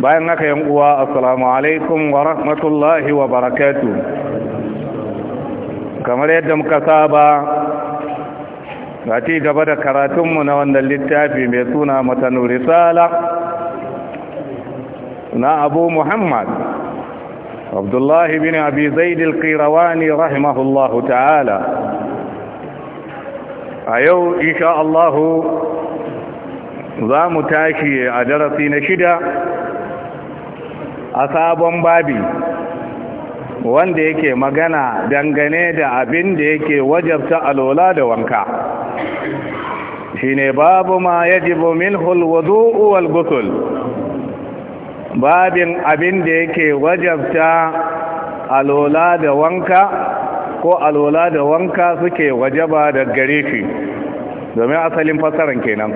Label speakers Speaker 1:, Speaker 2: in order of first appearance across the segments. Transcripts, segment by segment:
Speaker 1: bayan haka yan uwa assalamu alaikum wa rahmatullahi wa barakatu kamar yadda muka saba ga ci gaba da karatunmu na wannan littafi mai suna matanu risala na abu muhammad abdullahi bin abi zaidil qirawani rahimahullahu ta'ala a yau insha Allahu za mu tashi a darasi na shida a sabon babi wanda yake magana dangane da abin da yake wajabta alola da wanka shi ne babu ma jibo min wudu'u uwal gusul. babin abin da yake wajabta alola da wanka ko alola da wanka suke wajaba da gare shi domin asalin fasaran kenan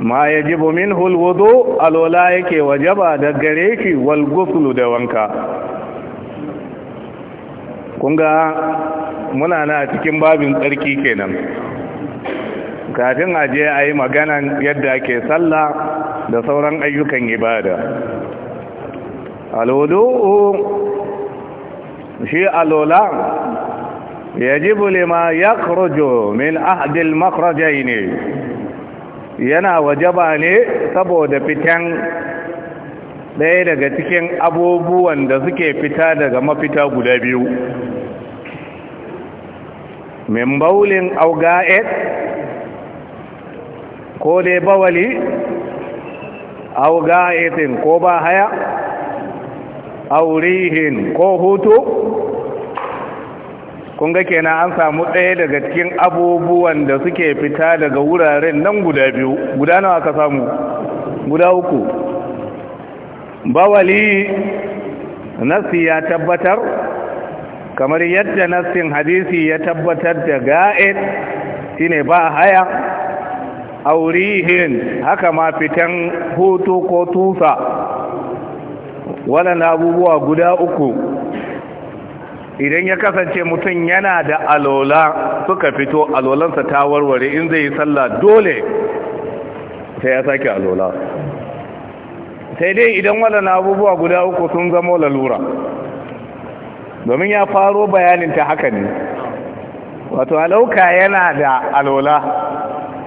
Speaker 1: ma ya jibu min hulwudu alola yake wajaba da gare shi wal da wanka kunga muna na cikin babin tsarki kenan kafin a je a yi maganan yadda ke sallah da sauran ayyukan ibada alwudu shi alola yajibu lima ya min ahdil makrajaini ne yana wajaba ne saboda fitan ɗaya daga cikin abubuwan da suke fita daga mafita guda biyu min baulin ko dai bawali auga'etin ko ba haya aurihin ko hutu kun ga kenan an samu ɗaya daga cikin abubuwan da suke fita daga wuraren nan guda biyu guda nawa ka samu guda uku bawali nasi ya tabbatar kamar yadda nassin hadisi ya tabbatar da ga'id shine ba haya aurihin haka ma fitan hutu ko tusa waɗanda abubuwa guda uku idan ya kasance mutum yana da alola suka fito alolansa ta warware in zai yi sallah dole sai ya sake alola sai dai idan waɗanda abubuwa guda uku sun zama lalura domin ya faro bayanin ta haka ne wato alauka yana da alola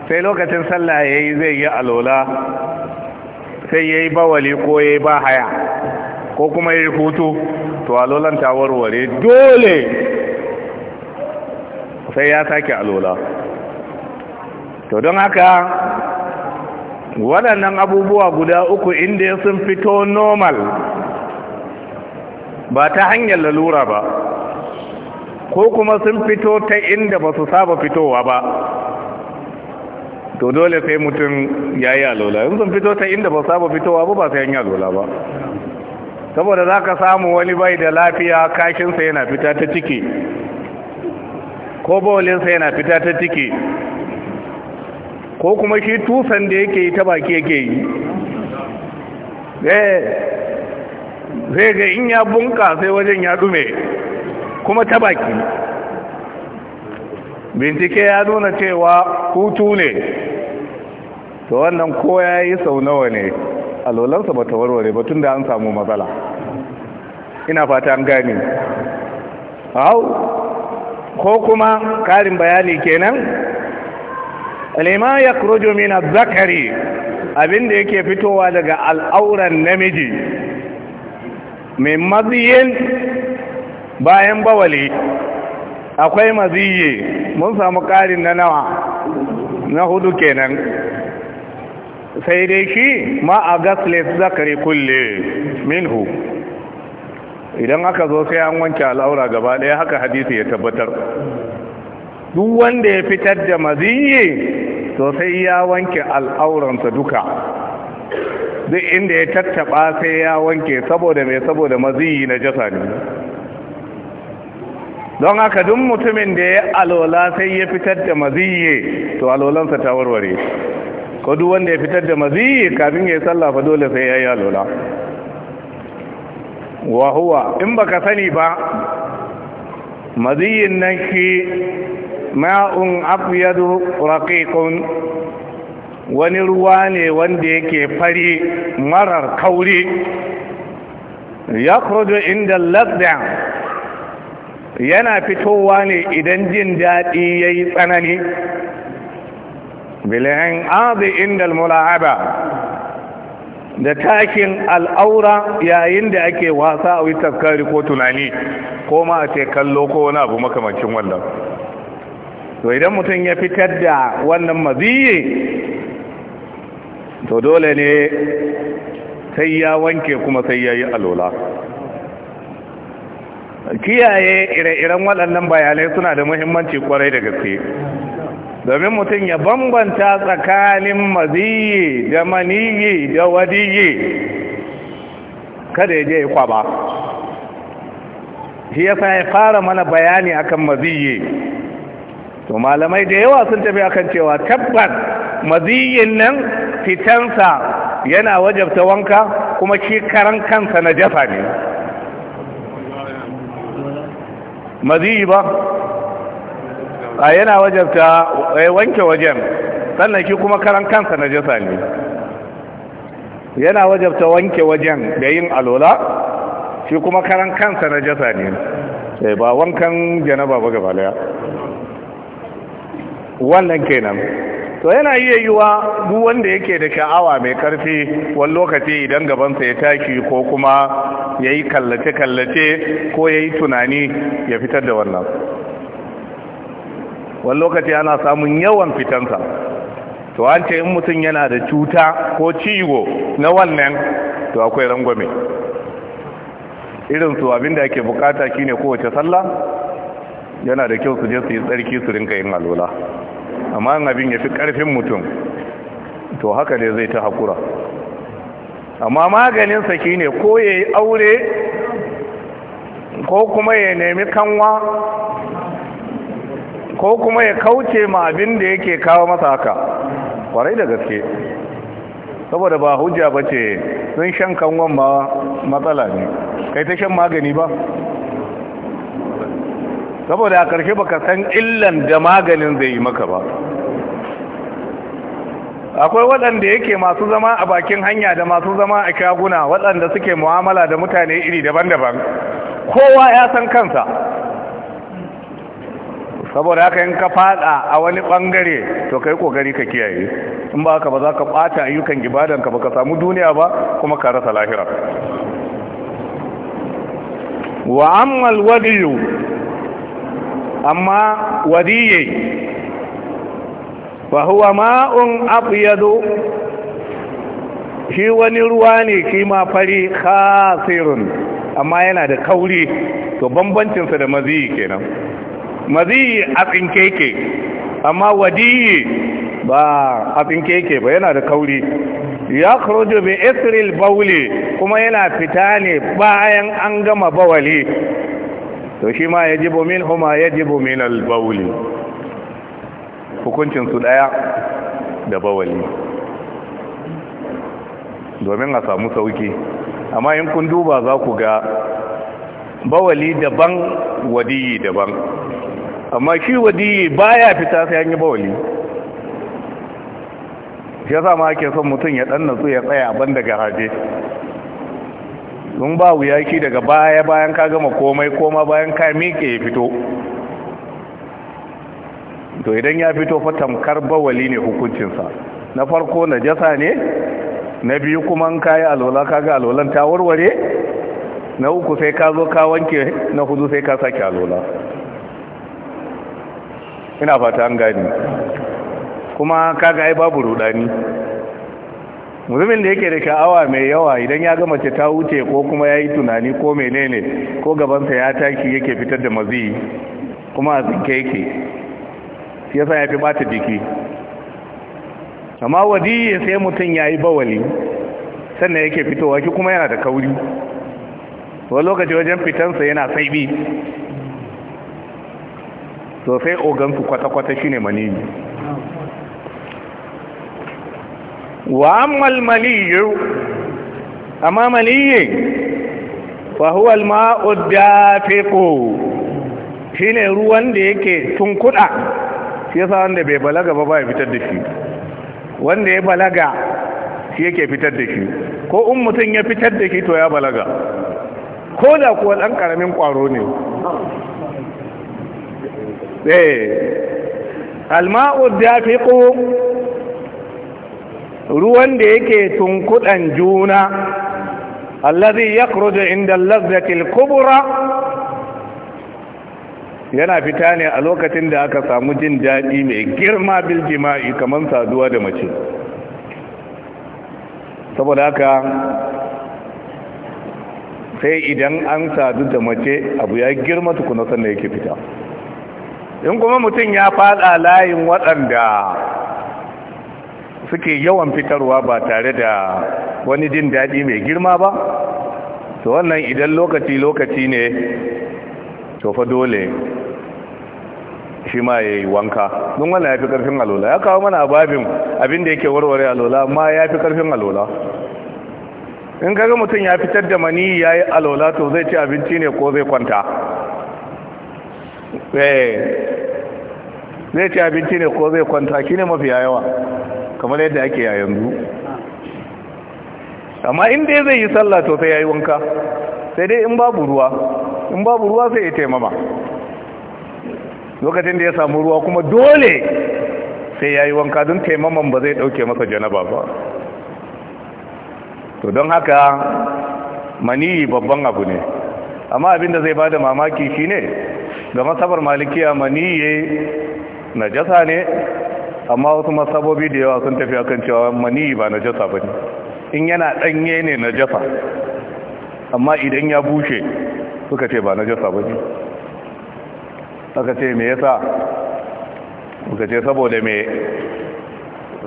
Speaker 1: sai lokacin sallah ya yi zai yi alola sai ya yi bawali ko ya yi ba haya ko kuma ya yi hutu to alolan ta warware dole sai ya sake alola to don haka waɗannan abubuwa guda uku inda sun fito normal ba ta hanyar lalura ba ko kuma sun fito ta inda ba su saba fitowa ba to dole sai mutum ya yi alola sun fito ta inda ba su saba fitowa ba ba sai yi alola ba saboda za ka samu wani bai da lafiya kashinsa yana fita ta ciki ko bolinsa yana fita ta ciki ko kuma shi tusan da yake yi ta baki yake yi eh, zai ga in ya bunka sai wajen ya dume kuma ta baki bincike ya nuna cewa hutu ne to wannan ko ya yi sau nawa ne alolansa ba ta warware ba tun da an samu matsala ina fata an gane hau ko kuma karin bayani kenan alima ya kurojo mina zakari abinda yake fitowa daga al'auran namiji mai maziyin bayan bawali akwai maziyi mun samu ƙarin na nawa na hudu kenan sai dai shi ma a gaslet zakari kulle minhu idan aka zo sai an wanke al'aura gaba ɗaya haka hadisi ya tabbatar duk wanda ya fitar da maziyye to sai ya wanke al'auransa duka duk inda ya tattaba sai ya wanke saboda mai saboda maziyi na jasa ne don haka duk mutumin da ya alola sai ya fitar da maziyye to alolansa ta warware ko duk wanda ya fitar da maziyye kafin ya yi sallafa dole sai ya yi alola wa huwa in baka sani ba maziyin nan shi ma'un afyadu raqiqun wani ruwa ne wanda yake fari marar kauri ya kurudu inda lardin yana fitowa ne idan jin daɗi ya yi tsanani bilayen arzi inda mula'aba da takin al'aura yayin da ake wasa a wutar kari ko tunani ko ma a ce kallo ko wani abu makamancin wannan to idan mutum ya fitar da wannan maziyi to dole ne sai ya wanke kuma sai ya yi alola kiyaye ire-iren waɗannan bayanai suna da muhimmanci kwarai da gaske domin mutum ya bambanta tsakanin maziyi da maniyi da wadiyi kada ya je ya kwaba shi ya sa ya fara mana bayani akan maziyi to malamai da yawa sun tafi akan cewa tabbat maziyin nan fitansa yana wajabta wanka kuma shi karan kansa na jafa ne maziyi ba a yana wajabta eh, wanke wajen sannan shi kuma karan kansa na jasa ne yana wajabta wanke wajen da yin alola shi kuma karan kansa na jasa ne eh, ba wankan janaba ba gaba daya wannan kenan to yana iya yiwa duk wanda yake da sha'awa mai karfi wani lokaci idan gabansa ya taki ko kuma ya yi kallace-kallace ko ya yi tunani ya fitar da wannan wani lokaci ana samun yawan fitansa to an ce in mutum yana da cuta ko ciwo na wannan to akwai rangwame irin su abinda ake bukata shine kowace sallah yana da kyau su je su yi tsarki su rinka yin alola amma abin ya fi karfin mutum to haka ne zai ta hakura amma maganinsa shine ko ya yi aure ko kuma ya nemi kanwa ko kuma ya kauce ma abin da yake kawo masa haka kwarai da gaske saboda ba hujja ba ce sun shan kanwan ma matsala ne kai ta shan magani ba saboda a ƙarshe baka san illan da maganin zai yi maka ba akwai waɗanda yake masu zama a bakin hanya da masu zama a shaguna waɗanda suke mu'amala da mutane iri daban-daban kowa ya san kansa saboda haka in ka fada a wani bangare to kai kokari ka kiyaye in ba ka ba za ka bata ayyukan ka ba ka samu duniya ba kuma ka rasa lahira wa ammal wadiyu amma wadiye fa huwa ma'un abyadu shi wani ruwa ne kima fari khasirun amma yana da kauri to bambancinsa da maziyi kenan maziyi a tsinkeke amma wadiyi ba a tsinkeke ba yana da kauri ya kurojo esril bauli kuma yana fita ne bayan an gama bawali to shi ma ya jibo min huma ya jibo min albauli hukuncinsu ɗaya da bawali domin a samu sauki amma in kun duba za ku ga bawali daban wadiyi daban amma shi wadiyi baya fita sai an yi bawali shi yasa ma ake son mutum ya dan su ya tsaya ban daga haje sun ba wuya ki daga baya bayan ka gama komai koma bayan ka miƙe ya fito to idan ya fito fa tamkar bawali ne hukuncinsa na farko na jasa ne na biyu kuma an kayi alwala kaga alwalan ta warware na uku sai ka zo ka wanke na hudu sai ka sake alwala ina fata an gani kuma kaga ai babu rudani mutumin da yake da sha'awa mai yawa idan ya ga mace ta wuce ko kuma ya yi tunani ko menene ko gabansa ya taki yake fitar da mazi kuma a tsinke yake shi yasa ya fi bata jiki amma wadiyi sai mutum ya yi bawali sannan yake fitowa shi kuma yana da kauri wani lokaci wajen fitansa yana saibi so sai ogansu kwata-kwata shine maniyi wa ammal maliyu amma maliyi fa huwa al-ma'u dafiqu shine ruwan da yake tunkuda shi yasa wanda bai balaga ba ba fitar da shi wanda ya balaga shi yake fitar da shi ko in mutum ya fitar da shi to ya balaga ko da kuwa dan ƙaramin ƙwaro ne Eh. alma'u dafiqu ruwan da yake tun kuɗan juna allazi yakhruju inda lazzati al-kubra yana fita ne a lokacin da aka samu jin daɗi mai girma bil jima'i kamar saduwa da mace saboda haka sai idan an sadu da mace abu ya girma tukuna sannan yake fita in kuma mutum ya fada layin waɗanda suke yawan fitarwa ba tare da wani jin daɗi mai girma ba to wannan idan lokaci-lokaci ne to fa dole shi ma ya yi wanka don wannan ya fi ƙarfin alola ya kawo mana babin abin da yake warware alola ma ya fi ƙarfin alola in kaga mutum ya fitar da mani ya yi alola to zai ci abinci ne ko zai kwanta Eh. zai ci abinci ne ko zai kwanta shi ne mafi yawa kamar yadda ake a yanzu amma inda zai yi sallah to sai ya yi wanka sai dai in babu ruwa in babu ruwa sai ya taimama lokacin da ya samu ruwa kuma dole sai ya yi wanka don taimaman ba zai dauke masa janaba ba to don haka mani babban abu ne amma abinda zai bada mamaki shine da masabar malikiya maniye jasa ne amma wasu masabobi da yawa sun tafi akan cewa maniyi ba na jasa ba in yana danye ne na jasa, amma idan ya bushe suka ce ba na ba ne aka ce me yasa suka ce saboda me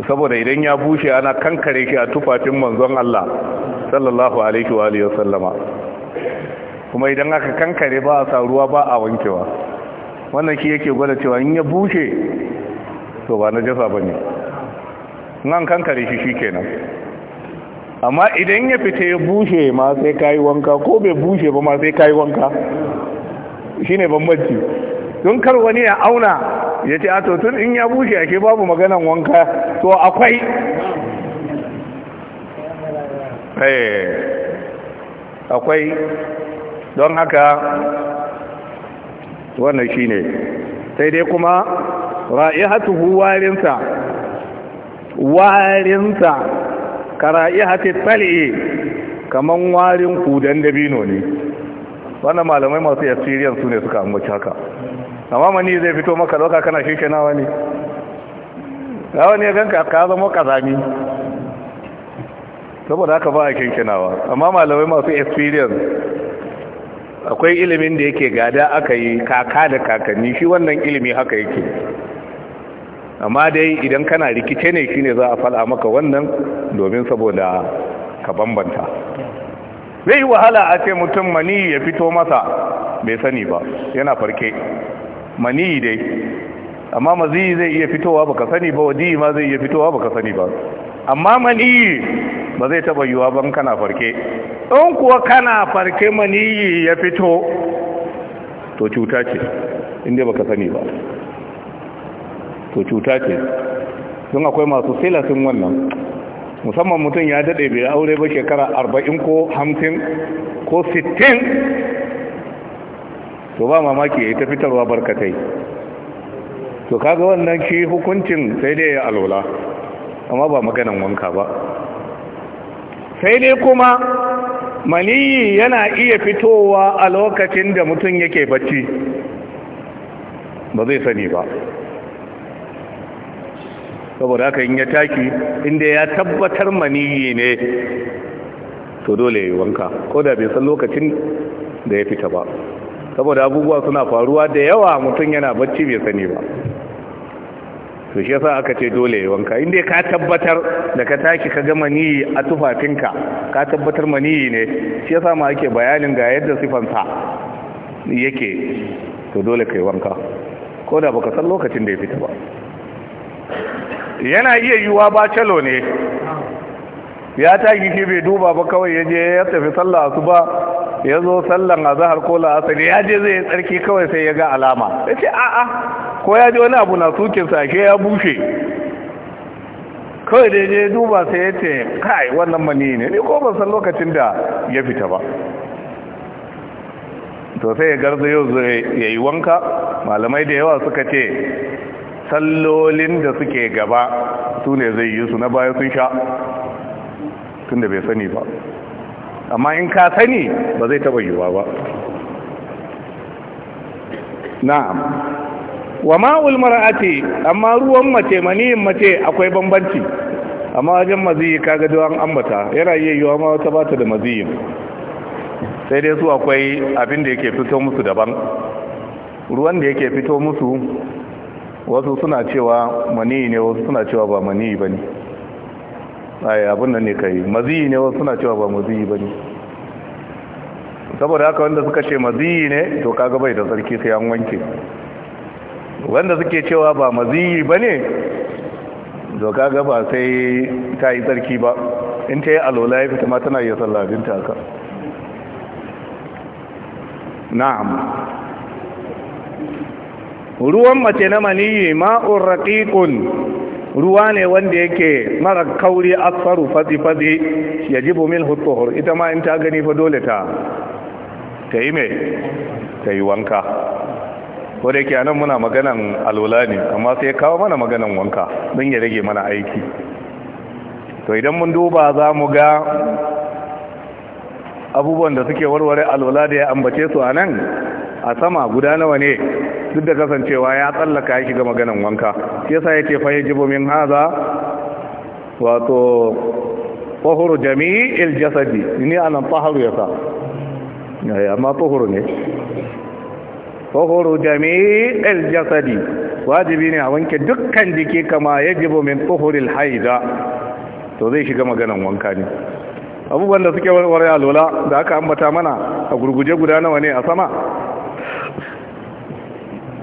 Speaker 1: saboda idan ya bushe ana kankare shi a tufafin manzon Allah sallallahu alaihi wa alihi wasallama kuma idan aka kankare ba a sa ruwa ba a wankewa wannan shi yake gwada cewa in ya bushe to ba na jasa ba ne nan kankare shi shi kenan amma idan ya fita ya bushe ma sai kayi wanka ko bai bushe ba ma sai kayi wanka shi ne banbanci don kar wani ya auna ya ce a tun in ya bushe a ke babu maganan wanka to akwai eh, akwai don haka wannan shi ne sai dai kuma ra'ihatuhu warinsa warinsa ka ra'ihati tsali'i kaman warin kudan dabino ne wannan malamai masu experience su ne suka ambaci haka amma mani zai fito maka loka kana shishe nawa ne nawa ne ganka ka zama kazami saboda haka ba a kinkinawa amma malamai masu experience akwai ilimin da yake gada aka yi kaka da kakanni shi wannan ilimi haka yake amma dai idan kana rikice ne shine za a fada maka wannan domin saboda ka bambanta zai yi wahala a ce mutum mani ya fito masa bai sani ba yana farke mani dai amma mazi zai iya fitowa baka sani ba wadi ma zai iya fitowa baka sani ba amma mani ba zai taba yiwa ban kana farke in kuwa kana farke maniyi ya fito to cuta ce inda baka sani ba to cuta ce don akwai masu silasin wannan musamman mutum ya daɗe bai aure ba shekara arba'in ko hamsin ko sittin to ba mamaki ya yi ta fitarwa barkatai to kaga wannan shi hukuncin sai dai ya alola amma ba maganan wanka ba sai dai kuma maniyi yana iya fitowa a lokacin da mutum yake bacci ba zai sani ba saboda haka in ya taki inda ya tabbatar maniyi ne to dole ya yi wanka ko da bai san lokacin da ya fita ba saboda abubuwa suna faruwa da yawa mutum yana bacci bai sani ba to shi yasa aka ce dole yi wanka inda ka tabbatar da ka tashi ka gama niyi a tufafinka ka tabbatar niyi ne shi yasa ma ake bayanin ga yadda sifansa yake to dole kai wanka ko da baka san lokacin da ya fita ba yana iya yiwa ba calo ne ya tashi shi bai duba ba kawai ya je ya tafi sallah ba. ya zo sallan a zahar ko la'asar ya je zai tsarki kawai sai ya ga alama ya ce a'a ko ya ji wani abu na sukinsa sake ya bushe kawai da ya duba sai ya ce kai wannan mani ne ne ko ban san lokacin da ya fita ba to sai ya garza yau ya yi wanka malamai da yawa suka ce sallolin da suke gaba su ne zai yi su na baya sun sha tun da bai sani ba amma in ka sani ba zai taba yiwa ba na'am wa ma'ul mar'ati amma ruwan mace maniyin mace akwai bambanci amma wajen maziyi kaga duwan ambata yana iya yiwa ma wata bata da maziyin sai dai su akwai abin da yake fito musu daban ruwan da yake fito musu wasu suna cewa maniyi ne wasu suna cewa ba maniyi ba ai abin nan ne kai maziyi ne wasu suna cewa ba maziyi bane, saboda haka wanda suka ce maziyi ne to kaga bai da sarki sai an wanke wanda suke cewa ba maziyi bane to kaga ba sai ta yi sarki ba in ta yi alola ya fita ma tana iya din ta haka na'am ruwan mace na maniyi ma'ur raqiqun ruwa ne wanda yake mara kauri asfaru fazi-fazi ya ji bumin hutuhur ita ma in ta gani fa dole ta ta yi mai ta yi wanka ko da yake anan muna maganan alwala ne amma sai kawo mana maganan wanka don ya rage mana aiki to idan mun duba za mu ga abubuwan da suke warware alwala da ya ambace su a nan a sama guda nawa ne duk da kasancewa ya tsallaka ya shiga maganan wanka yasa yake fa yajibu min haza wato tahuru jami'il jasadi ni anan taharu yasa amma tahuru ne tahuru jami'i jasadi wajibi ne a wanke dukkan jiki kama ya yajibu min tahuril haida to zai shiga maganan wanka ne abubuwan da suke warware alola da aka ambata mana a gurguje guda nawa ne a sama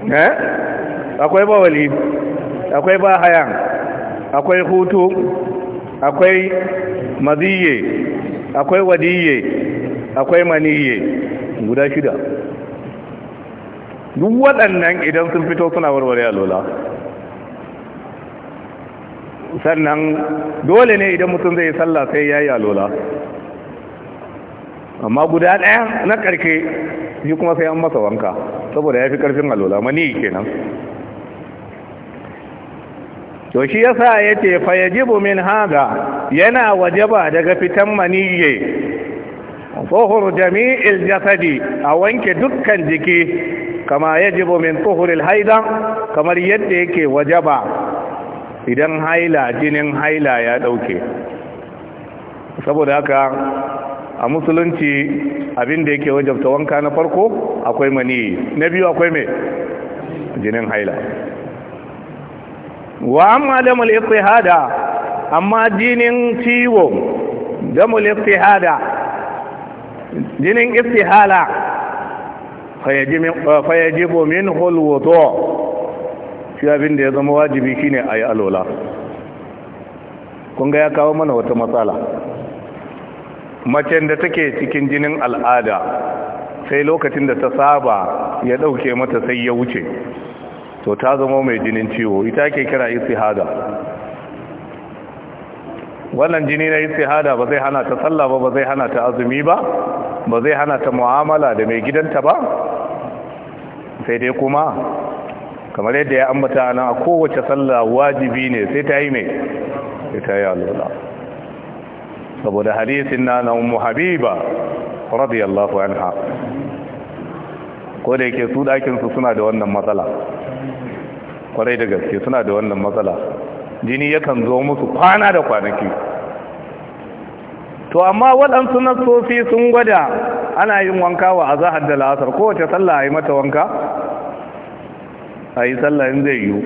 Speaker 1: akwai eh? akwai bawali akwai bahayan akwai hutu akwai maziye akwai wadiye akwai maniye guda shida duk waɗannan idan sun fito suna warware a lola, sannan dole ne idan mutum zai sallah sai ya yi a lola. amma guda ɗaya na ƙarfe, shi kuma sai an masa wanka saboda ya fi ƙarfin alola mani kenan to shi ya sa ya ce fayajibu min haga yana wajaba daga fitan maniyye tsohuru jami'il jasadi a wanke dukkan jiki kama yajibu min tsohuril haida kamar yadda yake wajaba idan haila jinin haila ya ɗauke saboda haka a musulunci abin da yake wajabta wanka na farko akwai mani na biyu akwai mai jinin haila wa amma mulki hada amma jinin ciwo damul hada jinin istihala eh, fayajibu min hulwuto shi abin da ya zama wajibi shine ayi alola kun ga ya kawo mana wata matsala macen da take cikin jinin al'ada sai lokacin da ta saba ya ɗauke mata sai ya wuce to ta zama mai jinin ciwo ita ke kira istihada wannan jini na istihada ba zai hana ta sallah ba ba zai hana ta azumi ba ba zai hana ta mu'amala da mai gidanta ba sai dai kuma kamar yadda ya ambata nan a kowace sallah wajibi ne sai ta yi mai ita ya yi saboda hadisin na na umu habiba radiyallahu anha ko da yake su dakin su suna da wannan matsala kwarai da gaske suna da wannan matsala jini yakan zo musu kwana da kwanaki to amma waɗansu nassofi sun gwada ana yin wanka wa a zahar da la'asar kowace sallah a yi mata wanka a yi sallah in zai yiwu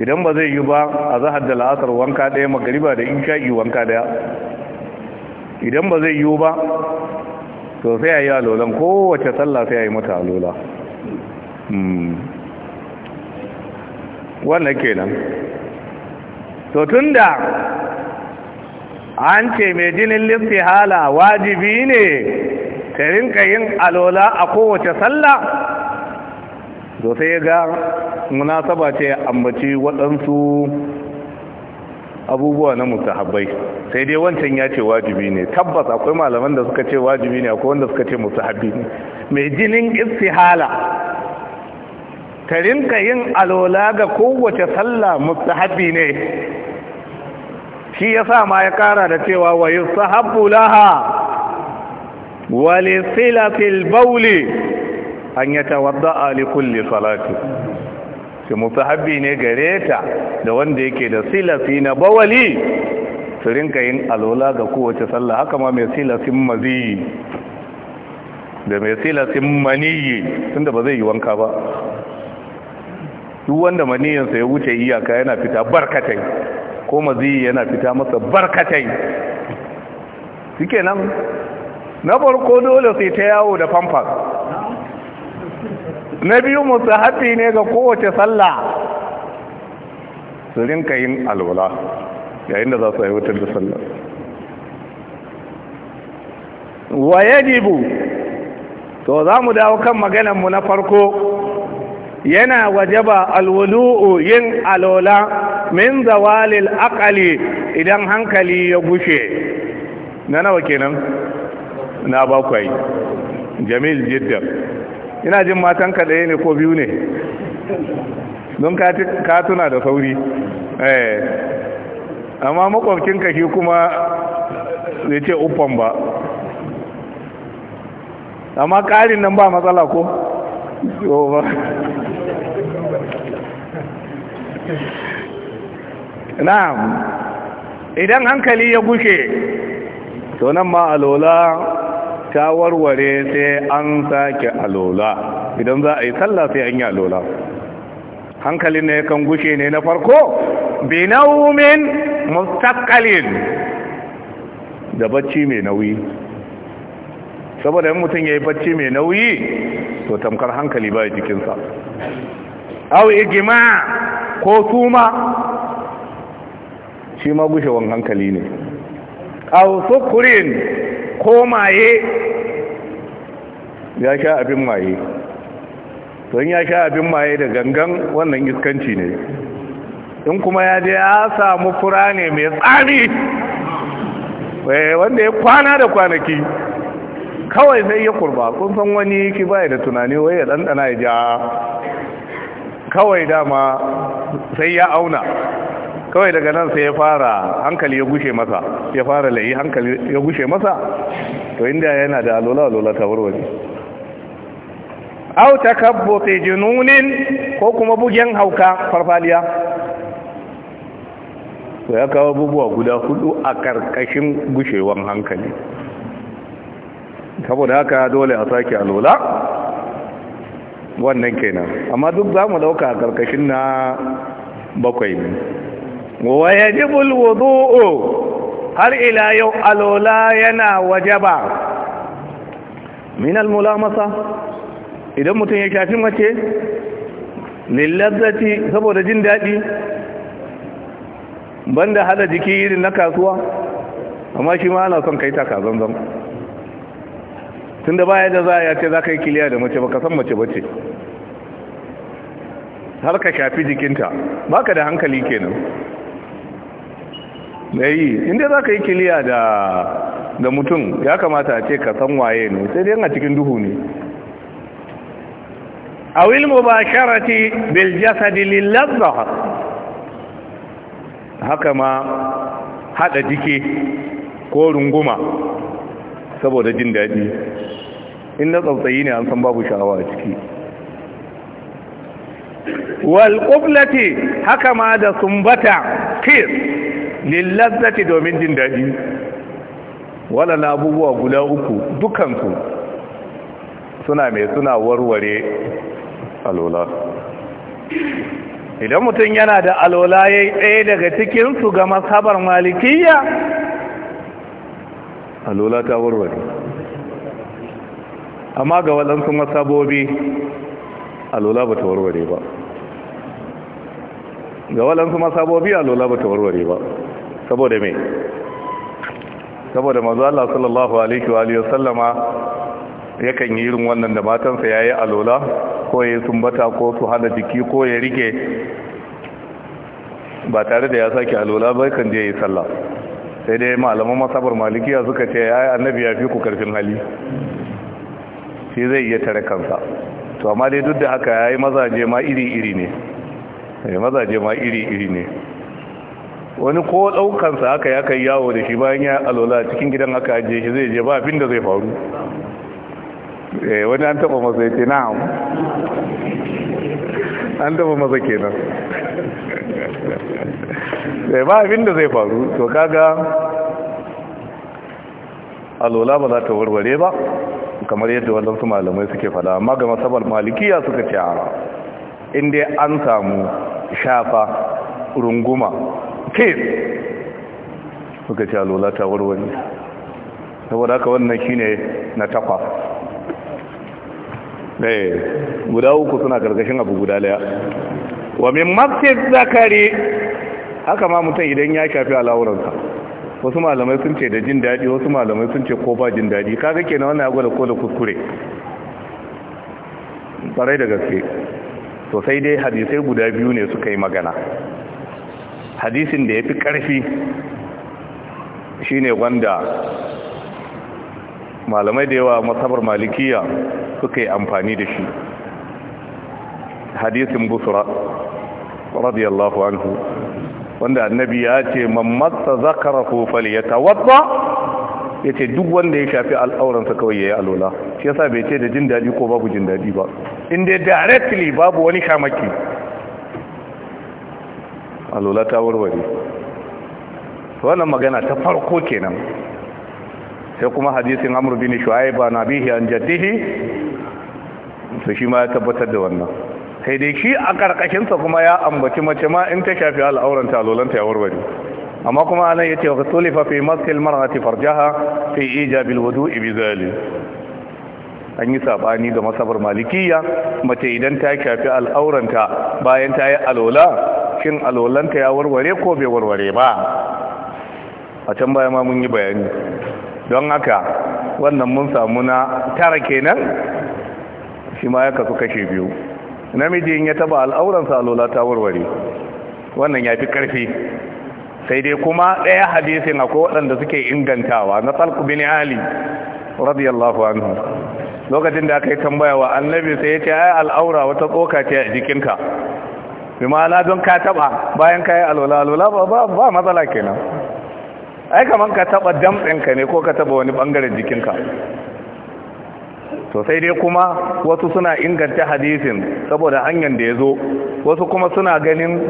Speaker 1: idan ba zai yi ba a zahar da la'asar wanka ɗaya magariba da in sha'i wanka ɗaya idan ba zai yiwu ba to sai a yi alolan kowace sallah sai a yi mata alola hmm. wannan kenan to tun da an ce mai jinin lifti hala wajibi ne ta rinka yin alola a kowace sallah to sai ga munasaba ce ambaci waɗansu abubuwa na musahabbai sai dai wancan ya ce wajibi ne tabbas akwai malaman da suka ce wajibi ne akwai wanda suka ce musahabbi ne mai jinin istihala ta rinka yin alola ga kowace sallah musahabi ne shi ya sa ma ya kara da cewa wa yi sahabbu laha wale silafil bauli an yi wadda a salati shi musahabi ne gare ta da wanda yake da silasi na bawali su rinka yin alola ga kowace sallah haka ma mai silasin maziyi da mai silasin maniyi tunda ba zai yi wanka ba duk wanda maniyansa ya wuce iyaka yana fita barkatai ko maziyi yana fita masa barkatai suke nan na farko dole sai ta yawo da famfas na biyu musahabi ne ga kowace sallah su rinka yin alwala yayin da za su aiwatar da sallah wa yajibu to za mu dawo kan maganarmu na farko yana wajaba alwulu'u yin alola min zawalil akali idan hankali ya gushe na nawa kenan na bakwai jamil jiddar ina jin matan ka ɗaya ne ko biyu ne don ka tuna da sauri eh. amma makwabcin ka shi kuma zai ce uffan ba amma ƙarin nan ba matsala ko ba na'am idan hankali ya gushe to nan ma alola ta warware sai an sake alola idan za a yi sallah sai an yi alola hankalin ne kan gushe ne na farko binaumin mustaqalin da bacci mai nauyi saboda yin mutum ya yi bacci mai nauyi to tamkar hankali ba jikinsa au igima ko tuma shi ma gushe gushewan hankali ne au sukurin ko maye ya sha abin maye don ya sha abin maye da gangan wannan iskanci ne in kuma ya je ya samu fura ne mai tsari eh, wanda ya kwana da kwanaki kawai sai ya kurba kun san wani ki baya da tunani wai ya ɗanɗana ya ja kawai dama sai ya auna kawai daga nan sai ya fara hankali ya gushe masa ya fara layi hankali ya gushe masa to inda yana da alola alola ta warware au takabbuti jununin ko kuma bugen hauka farfaliya to ya kawo abubuwa guda hudu a karkashin gushewan hankali saboda haka dole a sake alola wannan kenan amma duk zamu mu dauka karkashin na bakwai ne wa yajibu alwudu'u har ila yau alola yana wajaba min almulamasa idan mutum ya shafi mace lillazzati saboda jin daɗi banda hada jiki irin na kasuwa amma shi ma ana son kai taka zanzan tunda baya da za a ce za ka yi kiliya da mace baka san mace bace har ka shafi jikinta baka da hankali kenan yi inda za ka yi kiliya da mutum ya kamata a ce ka san waye ne sai dai yana cikin duhu ne a wilmu ba sharati bil jasadi lillazza haka ma hada jiki ko runguma saboda jin daɗi inda tsautsayi ne an san babu sha'awa a ciki wal haka ma da sumbata Kis. lillazzati domin jin daɗi waɗanda abubuwa guda uku dukansu suna mai suna warware alola idan mutum yana da alola ya yi ɗaya daga cikinsu ga masabar malikiya alola ta warware amma ga waɗansu masabobi alola ba ta warware ba ga waɗansu masabobi alola ba ta warware ba saboda me saboda manzo Allah sallallahu alaihi wa alihi wasallama yakan yi irin wannan da matansa yayi alola ko yayi sumbata ko su hada jiki ko ya rike ba tare da ya saki alola ba kan je yi sallah sai dai malaman masabar malikiya suka ce yayi annabi ya fi ku karfin hali shi zai iya tare kansa to amma dai duk da haka yayi mazaje ma iri iri ne eh, mazaje ma iri iri ne wani ko daukansa haka ya kai yawo da shi bayan ya alola cikin gidan haka je shi zai je ba abin da zai faru eh, wani an taba masa ya ce na'am an taba masa kenan sai eh, ba abin da zai faru to kaga alola ba za ta warware ba kamar yadda wadansu malamai suke fada amma ga masabar malikiya suka ce a inda an samu shafa runguma tafkir suka ce alola ta warware saboda haka wannan shine na takwa ɗaya eh, guda uku suna gargashin abu guda daya wa min masjid zakari haka ma mutum idan ya shafi al'auransa wasu malamai sun ce da jin daɗi wasu malamai sun ce ko ba jin daɗi kaga na wannan ya gwada ko da kuskure tsarai da gaske sosai dai hadisai guda biyu ne suka yi magana hadisin da ya fi ƙarfi shine wanda malamai da yawa masabar malikiya suka yi amfani da shi hadisin busra radiyallahu anhu wanda annabi ya ce ya tawadda ya yace duk wanda ya shafi al'auransa kawai ya yi alola shi yasa bai ce da jin daɗi ko babu jin daɗi ba inda directly babu wani shamaki alola ta warware wannan magana ta farko kenan sai kuma hadisin amr bin shu'aib na bihi an jaddihi to shi ma ya tabbatar da wannan sai dai shi a karkashin sa kuma ya ambaci mace ma in ta shafi al'auran ta alolan ta warware amma kuma anan yace wa sulifa fi maskil mar'ati farjaha fi ijab al bi zalim an yi sabani ga masabar malikiya mace idan ta shafi al'auranta bayan ta yi alola shin alwallanta ya warware ko bai warware ba a can baya ma mun yi bayani don haka wannan mun samu na tara kenan shi ma ya kasu kashe biyu namijin ya taba al'auransa alwala ta warware wannan ya fi ƙarfi sai dai kuma ɗaya hadisin akwai waɗanda suke ingantawa na talku bin ali radiyallahu anhu lokacin da aka yi tambaya wa annabi sai ya ce ai al'aura wata tsoka ce a jikinka bi ma'ana don ka taba bayan ka yi alwala alwala ba matsala kenan ai kaman ka taba damtsinka ne ko ka taba wani bangaren jikinka to sai dai kuma wasu suna inganta hadisin saboda hanyar da ya zo wasu kuma suna ganin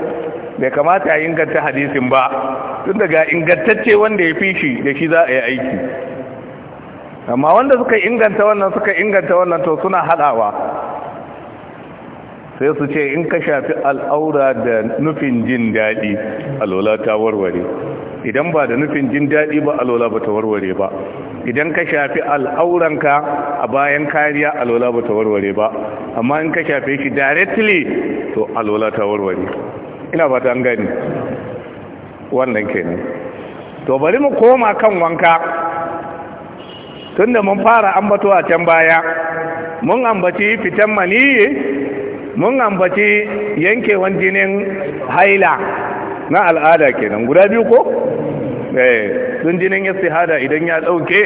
Speaker 1: bai kamata ya inganta hadisin ba tun daga ingantacce wanda ya fi shi da shi za a yi aiki amma wanda suka inganta wannan suka inganta wannan to suna haɗawa sai su ce in ka shafi al'aura da nufin jin daɗi alola ta warware idan ba da nufin jin daɗi ba alola ba ta warware ba idan ka shafi al'auranka a bayan kariya alola ba ta warware ba amma in ka shafe shi directly to alola ta warware ina ba ta an gani wannan kenan to bari mu koma kan wanka tunda mun fara ambato a can baya mun ambaci fitan maniyi mun ambaci yankewan jinin haila na al'ada kenan guda biyu ko eh sun jinin istihada idan ya dauke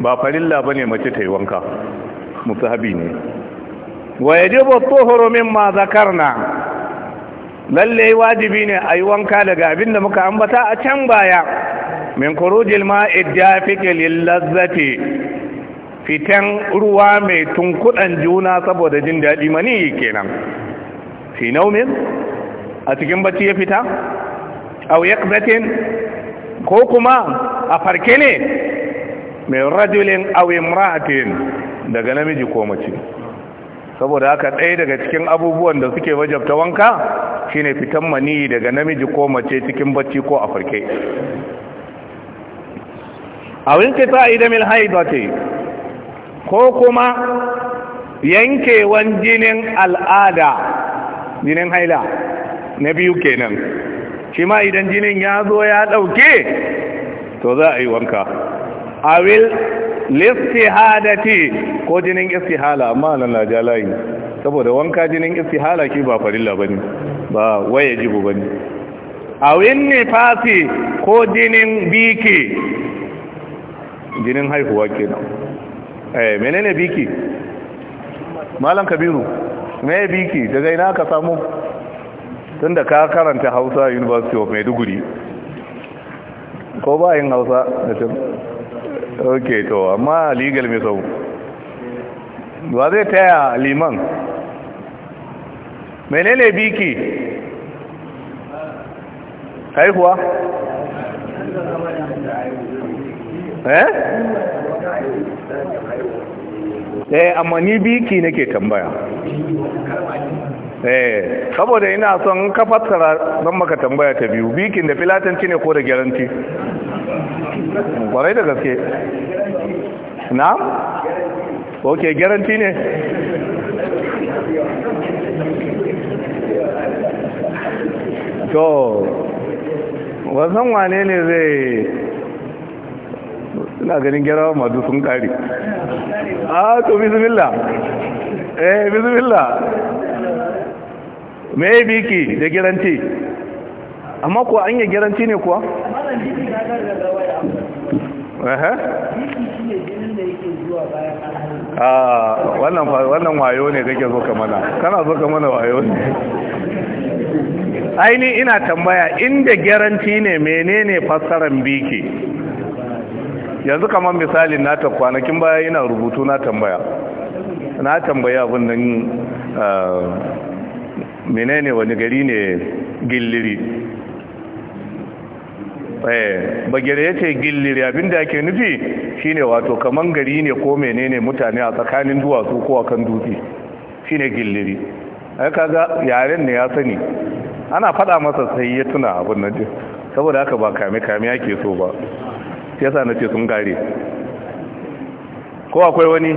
Speaker 1: ba farilla bane mace ta yi wanka musahabi ne wa yajibu at-tuhuru mimma zakarna lalle wajibi ne ayi wanka daga abin da muka ambata a can baya min khurujil ma'i dafiqil lillazzati fitan ruwa mai tunkudan juna saboda jin daɗi mani kenan fi naumin a cikin bacci ya fita au yaqzatin ko kuma a farke ne mai rajulin au imra'atin daga namiji ko mace saboda haka ɗaya daga cikin abubuwan da suke wajabta wanka shine fitan mani daga namiji ko mace cikin bacci ko a farke a winke ta mil haibati ko kuma yankewan jinin al'ada jinin haila na biyu kenan shi ma idan jinin ya zo ya ɗauke to za a yi wanka a wil listihadati ko jinin istihala amma nan na ja layi saboda wanka jinin istihala ki ba farilla bane ba waye jibu ne. a wil nifasi ko jinin biki jinin haihuwa kenan eh menene biki malam kabiru me biki daga ina ka samu tunda ka karanta Hausa University of Maiduguri ko ba yin Hausa da tun okay to amma legal me sau wa zai taya liman menene biki haihuwa eh eh amma ni biki nake tambaya eh saboda ina son ka fassara don maka tambaya ta biyu bikin da filatanci ne ko da garanti kwarai da gaske na? ok garanti ne to wasan wane ne zai ina ganin gyarawa madu sun kari a to bismillah eh bismillah me biki da giranti amma kuwa an yi giranti ne kuwa? Ah, wannan wannan wayo ne kake so ka mana kana so ka mana wayo ne aini ina tambaya inda giranti ne menene fassaran biki yanzu kamar misalin na ta kwanakin baya yana rubutu na tambaya na tambaya abin nan ah, menene wani gari ne gilliri eh, bagire ya ce gilliri abinda yake nufi shine wato kaman gari ne ko menene mutane a tsakanin duwatsu ko a kan dutse shine gilliri ai kaga yaren ne ya sani ana fada masa sai ya tuna abin nan saboda haka ba kame kame yake so ba ya sa na ce sun gare ko akwai wani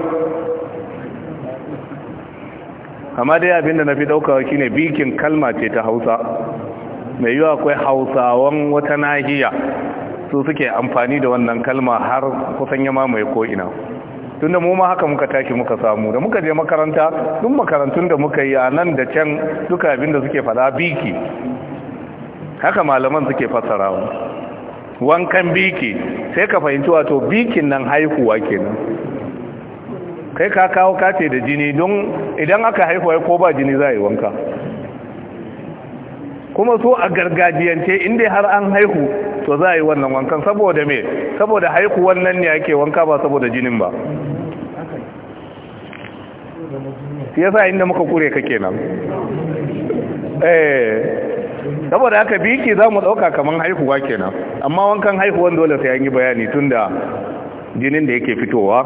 Speaker 1: amma dai abinda na fi daukawa shine bikin kalma ce ta hausa mai yi akwai hausawan wata nahiya su suke amfani da wannan kalma har kusan yama mai ko'ina tun da mu ma haka muka tashi muka samu da muka je makaranta tun makarantun da muka yi a nan da can duka abinda suke fada biki haka malaman suke fassarawa wankan biki sai ka fahimci wato bikin nan haihuwa kenan kai ka kawo kace da jini don idan aka haihuwa ko ba jini za a yi wanka kuma so a gargajiyance inda har an haihu to za a yi wannan wankan saboda me saboda haihu wannan ne ake wanka ba saboda jinin ba sa inda muka kure ka kenan eh saboda haka biki za mu ɗauka kamar haihuwa kenan amma wankan haihuwan dole sai an yi bayani tun da jinin da yake fitowa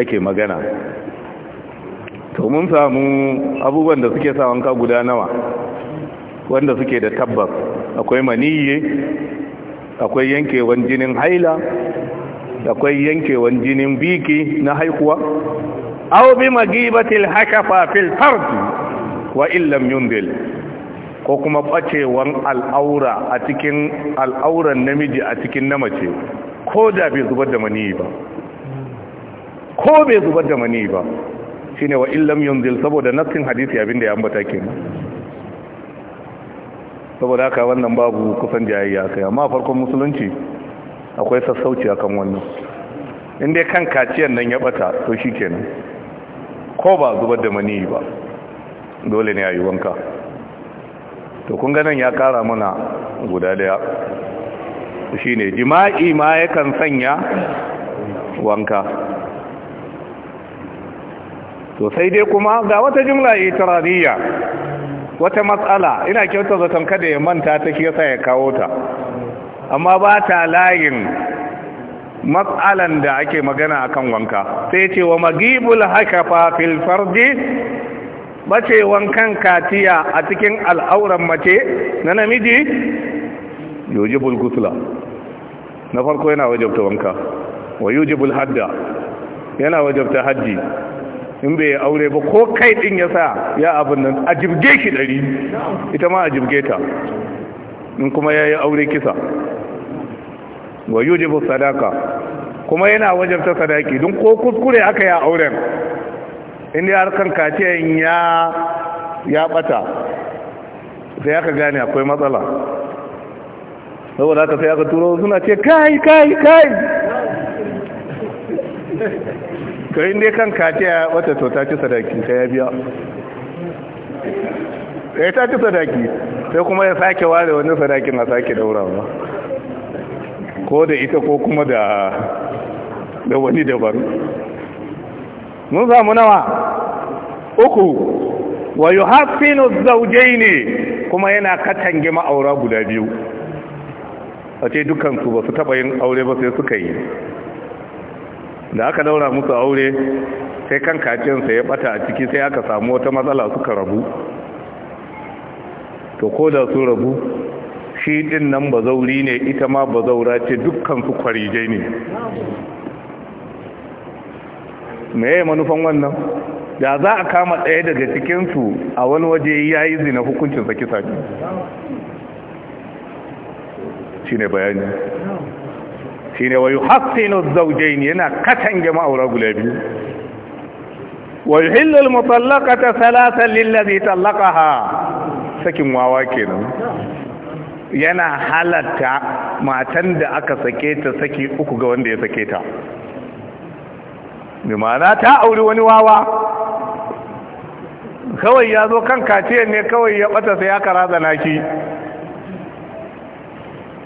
Speaker 1: ake magana to mun samu abubuwan da suke sa wanka guda nawa wanda suke da tabbas akwai maniyye akwai yankewan jinin haila akwai yankewan jinin biki na haihuwa aw bi magibatil hakafa fil farji wa illam yundil ko kuma ɓacewan al'aura a cikin al'auran namiji a cikin na mace ko da bai zubar da mani ba ko bai zubar da mani ba Shi ne wa illam yunzil saboda nassin hadisi abinda ya ambata kenan saboda haka wannan babu kusan jayayya kai amma farkon musulunci akwai sassauci akan wannan inda kan kaciyan nan ya bata to shikenan ko ba zubar da mani ba dole ne a yi wanka to kun ganin ya kara mana guda daya shi ne jima'i ma yakan sanya wanka to sai dai kuma ga wata jimla itirariya wata matsala ina kyauta zaton kada ya manta ta shi yasa ya kawo ta amma ba ta layin matsalan da ake magana akan wanka sai ce wa magibul hakafa fil fardi bacewan wankan katiya a cikin al'auran mace na namiji yujibul gusula, na farko yana wajabta wanka wa yujibul hadda yana wajabta haddi in bai aure ba ko kai din ya sa ya abin nan a jibge shi dari ita ma a jibge ta in kuma ya yi aure kisa wa yujibu sadaka kuma yana wajabta sadaki don ko kuskure aka yi auren inda harkan kaciyan ya ya bata sai aka gane akwai matsala saboda aka sai aka turo suna ce kai kai kai to inda kan kaciya wata to ta ci sadaki ta ya biya ya eh, ta ci sadaki sai kuma ya sake ware wani sadakin a sake daurawa ko da ita ko kuma da wani dabaru mun samu nawa uku wa yuhaffinu ne kuma yana katange ma'aura guda biyu a ce dukansu ba su taɓa yin aure ba sai suka yi da aka daura musu aure sai kan kacinsa ya bata a ciki sai aka samu wata matsala suka rabu to ko da su rabu shi din nan bazauri ne ita ma bazaura ce dukkan kwarijai ne meye manufan wannan da za a kama ɗaya daga cikinsu a wani waje ya yi zina hukuncin saki saki shi ne bayani shi ne wayo hassinu ne yana katan katange ma'aura guda biyu والحل المطلقة tallaka ha Sakin wawa ke nan. yana halatta matan da aka sake ta saki uku ga wanda ya sake ta bi ma'ana ta auri wani wawa kawai ya zo kan kaciyar ne kawai ya ɓata sai ya karaza naki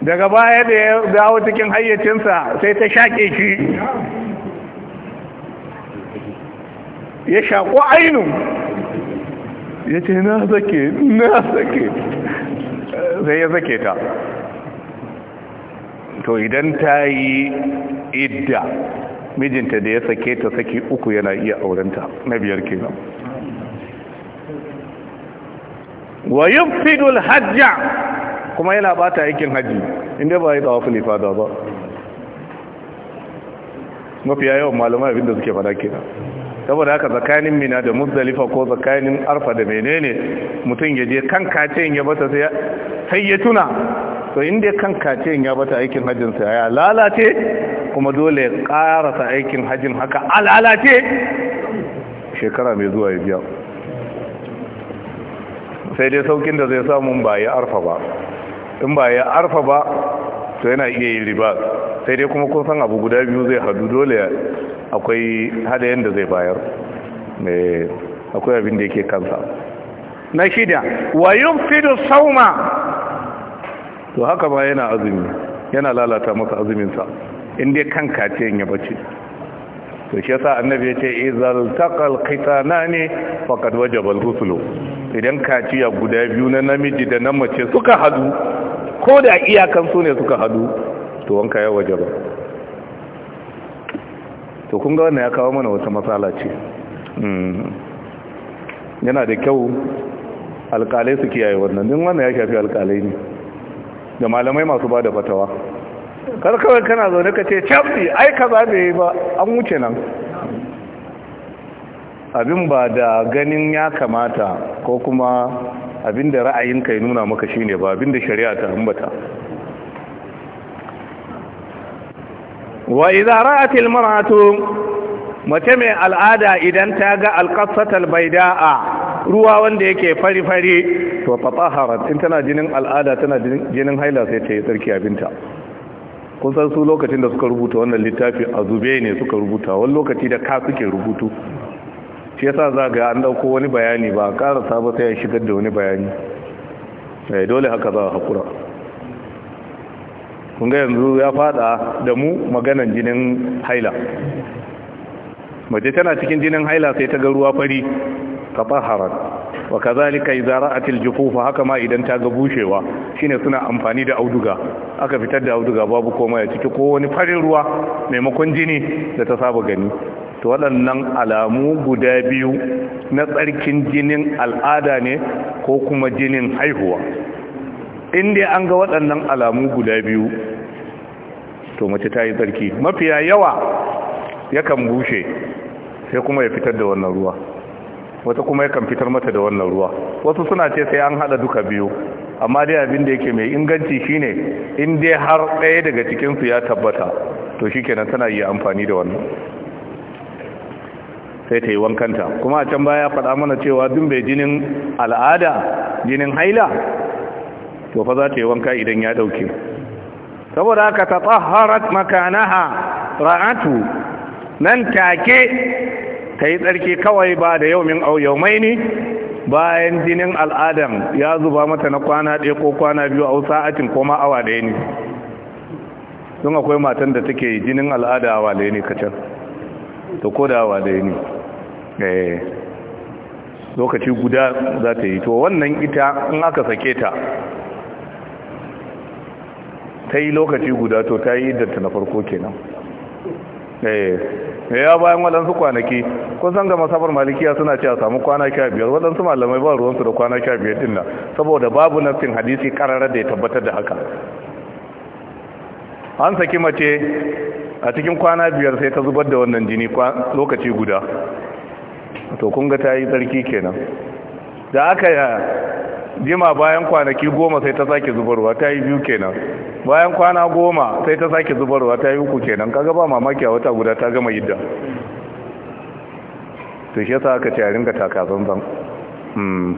Speaker 1: daga baya da ya dawo cikin hayyacinsa sai ta shaƙe shi ya shaƙo ainu ya ce na sake na sake sai ya sake ta to idan ta yi idda mijinta da ya sake ta saki uku yana iya aurenta na biyar kenan wa yufidul hajja kuma yana bata aikin haji inda ba ya tsawa fulifa da ba mafiya yawan malamai abinda suke fada kenan saboda haka tsakanin mina da muzdalifa ko tsakanin arfa da menene mutum ya je kan kacin ya bata sai ya tuna to inda kan kace ya bata aikin hajjin sa ya lalace kuma dole ya karasa aikin hajjin haka alalace shekara mai zuwa ya biya sai dai saukin da zai samu ba ya arfa ba in ba ya arfa ba to yana iya yi riba sai dai kuma kun san abu guda biyu zai hadu dole akwai hadayen da zai bayar akwai abin da yake kansa na shida wa yufsidu sauma to haka ba yana azumi yana lalata masa azuminsa inda kan kaciyan ya bace to shi yasa annabi ce izal taqal qitanani faqad wajaba al-ghusl idan kaciya guda biyu na namiji da na mace suka hadu ko da iyakan su ne suka hadu to wanka ya wajaba to kun ga wannan ya kawo mana wata matsala ce hmm. yana da kyau alkalai su kiyaye wannan din wannan ya shafi alkalai ne da malamai masu ba da fatawa Karkawar kana zaune ka ce cabdi ai za da yi ba an wuce nan abin ba da ganin ya kamata ko kuma abin da ra'ayinka ya nuna maka shine ba abin da shari'a ta hambata. wa iza ra'atil maratu mace mai al'ada idan ta ga alƙasatar bai al ruwa wanda yake fari-fari to fataharat in tana jinin al'ada tana jinin haila sai ta yi tsarki abinta kun san su lokacin da suka rubuta wannan littafi a zube ne suka rubuta wani lokaci da ka suke rubutu shi yasa za ga an dauko wani bayani ba karasa ba sai ya shigar da wani bayani mai eh, dole haka za a haƙura. kun ga yanzu ya fada da mu maganan jinin haila mace tana cikin jinin haila sai ta ga ruwa fari tataharat wa kazalika idza ra'at al-jufuf haka ma idan ta ga bushewa shine suna amfani da auduga aka fitar da auduga babu komai a ciki ko wani farin ruwa maimakon jini da ta saba gani to waɗannan alamu guda biyu na tsarkin jinin al'ada ne ko kuma jinin haihuwa inda an ga waɗannan alamu guda biyu to mace ta yi tsarki mafiya yawa yakan bushe sai kuma ya fitar da wannan ruwa wata kuma yakan fitar mata da wannan ruwa wasu suna ce sai an hada duka biyu amma dai abin da yake mai inganci shine in dai har ɗaya daga cikin su ya tabbata to shikenan tana iya amfani da wannan sai ta yi wankanta kuma a can baya faɗa mana cewa duk bai jinin al'ada jinin haila to fa za ta yi wanka idan ya ɗauke saboda haka ta tsaharat makanaha ra'atu nan take Ta yi tsarki kawai ba da yau min au yau mai ne bayan jinin al'adam ya zuba mata na kwana ɗaya ko kwana biyu a sa'atin ko ma awa ɗaya ne don akwai matan da take jinin al'ada awa ɗaya ne kacal ta ko da awa ɗaya ne eh, lokaci guda za ta yi to wannan ita in aka sake ta ta yi lokaci guda to ta yi iddanta na farko kenan Eh, ya bayan waɗansu kwanaki kun san ga masabar malikiya suna ce a samu kwana sha biyar waɗansu malamai ba ruwansu da kwana sha biyar din saboda babu nassin hadisi kararar da ya tabbatar da haka an saki mace a cikin kwana biyar sai ta zubar da wannan jini lokaci guda to kun ga ta yi tsarki kenan da aka jima bayan kwanaki goma sai ta sake zubarwa ta yi biyu kenan bayan kwana goma sai ta sake zubarwa ta yi uku kenan kaga ba mamaki a wata guda ta gama yidda to shi yasa aka ce ga ringa taka zanzan hmm.